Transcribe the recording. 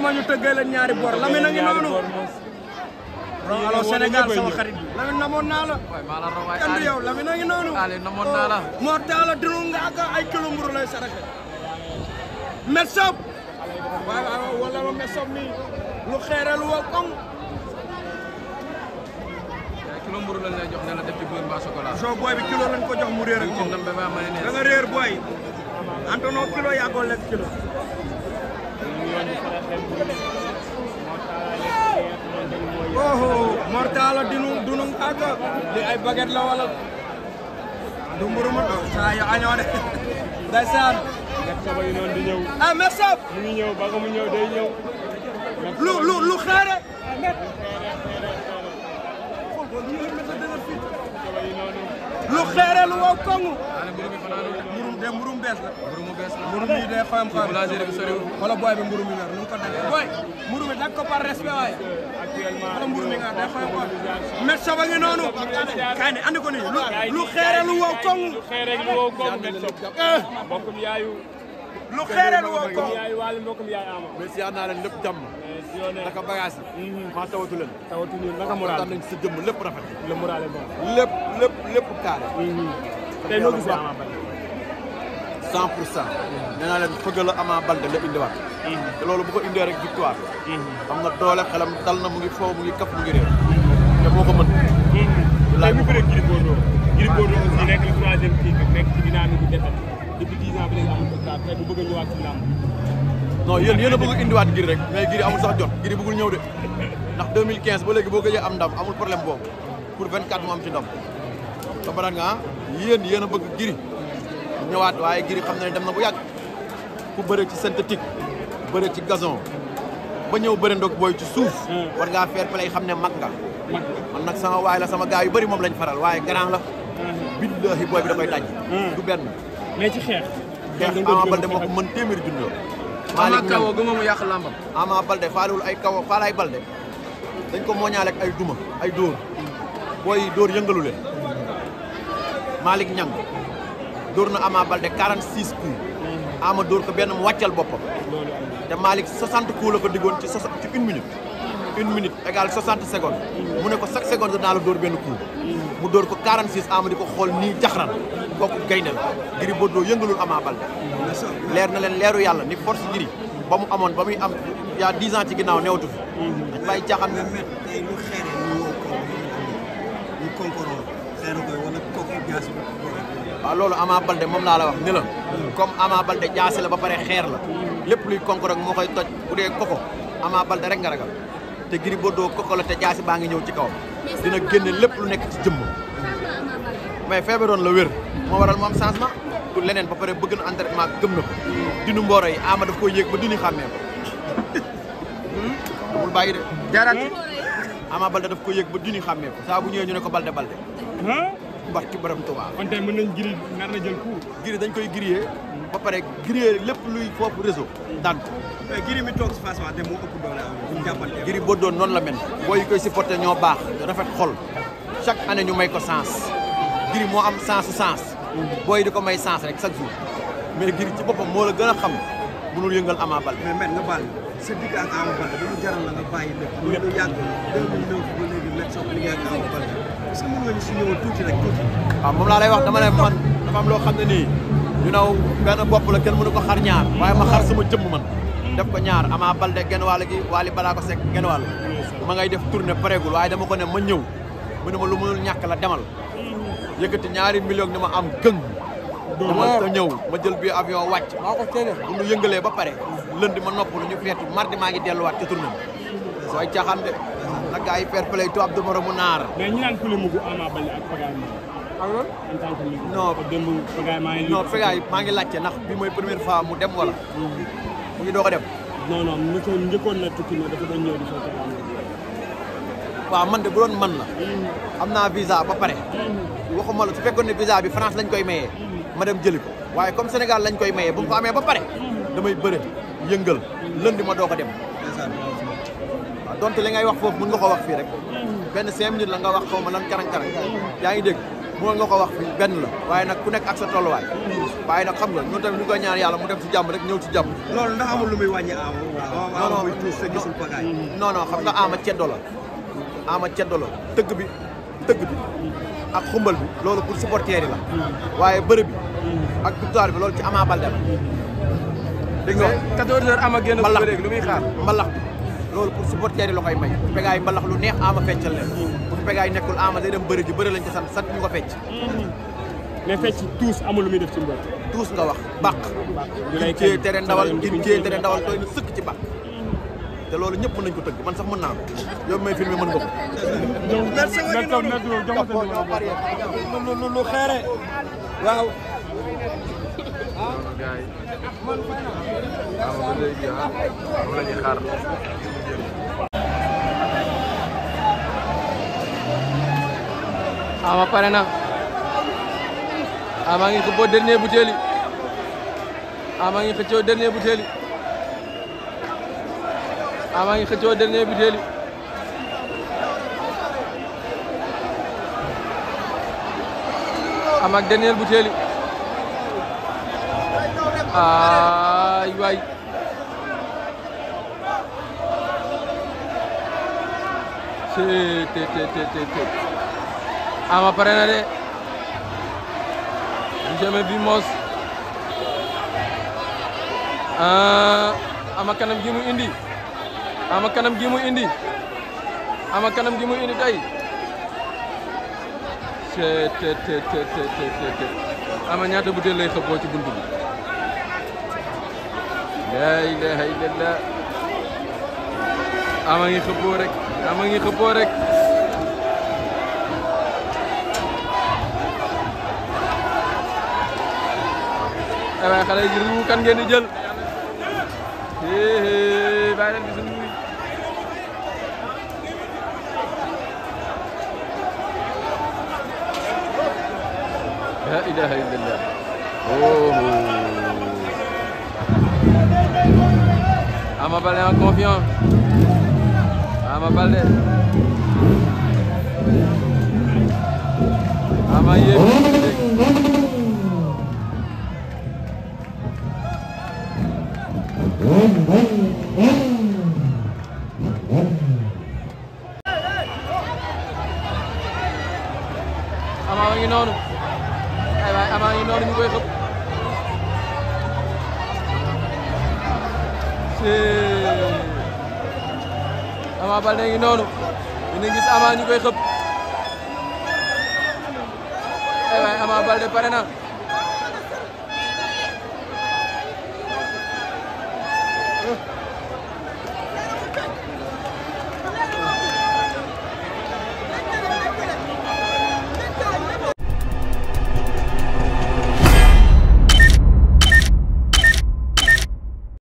ma ñu tëggee leen ñaari boor Lamine a ngi noonu. non alors Sénégal sama xarit bi. Lamine namoon a ngi moo tax dunu nga ay kilo mburu lay saraxe. Metsob. waaw wala ma Metsob mi lu xeeral woo koŋ. kilo mburu lañ lay jox ne la def ci beurre mbaa chocolat. soo booy bi kilo lañ ko jox mu réer ak moom. da nga réer booy. Antono kilo yaa ko lekk kilo. oh mortala dinu ay baguette la wala du di ah, ñëw ah Mersab mu ngi ñëw mu ñëw day ñëw lu lu lu xeere lu de mburu mu bees la mburu mu bees la mburu mi day xoyam xoyam boulangerie bi soriwul wala booy bi mburu mi nga nu ko daggee booy mburu mi dag ko par respect waaye actuellement wala mburu mi nga day xoyam xoyam met soba ngi noonu kaay ne andi ko nii lu xeere lu wow koŋ lu xeere lu wow koŋ met sob bokkum yaayu lu xeere lu wow koŋ yaay wàllu mbokkum yaay ama mais siyaar naa leen lépp jàmm naka bagage yi mhm. maa tawatu leen tawatu ñu naka moral daan nañ sa jëmm lépp rafet le moral est bon lépp lépp lépp carré mhm. tey noo gisee ama cent pour cent nee naa leen fëgg la Ama Baldé la indiwaat mhm. te loolu bu ko indee victoire xam mhm. nga doole xelam dal na mu ngi foofu mu ngi kaf mu ngi réer te moo ko mën mhm. laaj bu bëree Gris Bordeaux Gris Bordeaux aussi nekk le troisième kii nekk bi léegi amul victoire a ñëwaat ci làmb bëgg indiwaat Gris rek mais Gris amul sax jot Gris bëggul ñëw de ndax 2015 ba léegi boo gëjee am ndam amul problème boobu pour 24 mu am ci ndam comprendre nga ah yéen yéen a bëgg Gris ñëwaat waaye Gris xam na ne dem na bu yàgg ku bëre ci synthétique bëre ci gazon ba ñëw bëre ndoog booy ci suuf hmm. war ngaa fair play xam ne mag nga man nag sama waay la sama gars yu bari moom lañ faral waaye grand la hmm. billahi booy bi da koy daj hmm. du benn mais ci xeex xeex Ama Baldé moo ko mën téeméeri junni Ama kawo gëma mu yàq làmbam Ama Baldé faalewul ay dañ ko mooñaale ay duma ay dóor booy dóor na Ama Baldé 46 coups. Mm. Ama dóor ko benn mu wàccal boppam. te Malick 60 coups la ko diggoon ci soixante ci une minute. Mm. une minute égale 60 secondes. Mm. mu ne ko chaque seconde dinaa la dóor benn coup. mu dóor ko 46 Ama di ko xool nii jaxran kooku gaynde la Gris Bordeaux yëngalul Ama Baldé. leer na leen leeru yàlla ni force Gris ba mu amoon ba muy am il y ans ci ginnaaw newatu fi. dañ bàyyi caaxaan met tey ñu xeeree ñu woo ko ñu waaw loolu Ama Baldé moom laa la wax ni comme Ama Baldé jaase la ba pare xeer la lépp luy konk rek moo koy toj bu dee koko Ama Baldé rek nga ragal te Gris Bordeaux koko la te jaasi baa ngi ñëw ci kawam dina génne lépp lu nekk ci jëmm mais feeberoon la wér moo waral moom changement du leneen ba pare bëgg na entraînement gëm na ko dinu mbooro Ama daf yéeg ba dinu xàmmee ko hmm? amul bàyyi de jaaraat Ama Baldé daf koy yéeg ba dinu xàmmee ko saa bu ñëwee ñu ne ko Baldé Baldé hmm? barki borom Tuubaa. kon tey mën nañ giri nar na jël coup. giri dañ koy grillé. ba pare grillé lépp luy foofu réseau. daan ko. mais eh, giri mi toog si face te moo ëpp doole am. giri boo doon noonu la mel. boo yi koy supporté ñoo baax rafet xol chaque année ñu may ko sens. giri moo am sens su sens. booy di ko may sens rek chaque jour. mais giri ci boppam moo la gën a xam mënul yëngal am a mais mel nga baal sa digg ak est-ce que mën ah, wax dama ne man dafa am loo xam ne nii. ñu naw benn bopp la kenn mënu ko xar ñaar. waaye ma xar sama jëmm man. def ko ñaar Ama Baldé genn wàll gi Wally Ballago Seck genn wàll. ma ngay def tournée pareegul waaye dama ko ne ma ñëw mu ne ma lu mu ñàkk la demal. yëkkati ñaari million ni ma am gën. dama ñëw ma jël bi avion wàcc. maa ko teel bu ñu yëngalee ba pare. lënd ma noppalu ñu feetu mardi maa ngi delluwaat ca tournée bi. waaye caaxaan de. gars yi fair play tubaab du moromu naar. mais ñi naan ku leen mugg Ama maa ah ngi. non Pagaye maa ngi laajte nax bi mooy première fois mu dem wala. mu ngi doog a dem. non njëkkoon njëkkoon tukki na dafa waaw man de bu doon man la. Mm-hmm. am naa visa ba pare. Mm-hmm. waxuma la su fekkoon ne visa bi France lañ koy mayee. Mm-hmm. ma dem jëli ko waaye comme Sénégal lañ koy mayee bu ko amee ba pare. damay bëre yëngal lundi ma doog a dem. donte li ngay wax foofu mën nga ko wax fii rek benn cinq minutes la nga wax xaw ma lan karang-karang yaa ngi dégg mën nga ko wax fii benn la waaye nag ku nekk ak sa tolluwaay waaye nag xam nga ñun tamit ñu koy ñaan yàlla mu dem ci jàmm rek ñëw ci jàmm loolu ndax amul lu muy wàññi aama non non xam nga ama ceddo la ama ceddo la tëgg bi tëgg bi ak xumbal bi loolu pour supporter la waaye bërëb bi ak victoire bi loolu ci Ama Baldé la dégg nga 14 heures ama génn bëre lu muy xaar mbalax loolu pour supporter yi la koy may bu Pagaye mbalax lu neex Ama feccal leen bu Pagaye nekkul Ama day dem bëri ji bëri lañ ko sant sant ñu ko fecc mais fecc tuus amul lu muy def ci mbër tuus nga wax bàq gin kiye tere ndawal gin kiye tere ndawal tooy na sëkk ci bàq te loolu ñëpp nañ ko tëgg man sax mën naa yow may filmé mën nga ko lu xeere waaw man ba léegi ah moom la ñuy xaar ama pare na ama ngi xëccoo dernier butéeli ama ngi xëccoo dernier butéeli ama ngi xëccoo dernier butéeli ama ak dernier butéeli ay waay te ama pare na de Ndiémé bi mos ah, ama kanam gi mu indi ama kanam gi mu indi ama kanam gi mu indi tey te te te te ama ñaata butéel lay xëppoo ci buntu bi la ilaha illallah ama ngi xëppoo rek rek waaye xale yi ruu kan ngeen di jël hee bàyyi leen gis ruu la ilaha illallah oh Ama Baldé en confiance Ama Baldé ama yéen amaa ngi noonu ay waay amaa ngi noonu ñu koy xëpp Ama ngi noonu ñu gis amaa ñu koy xëpp ay waay Ama pare na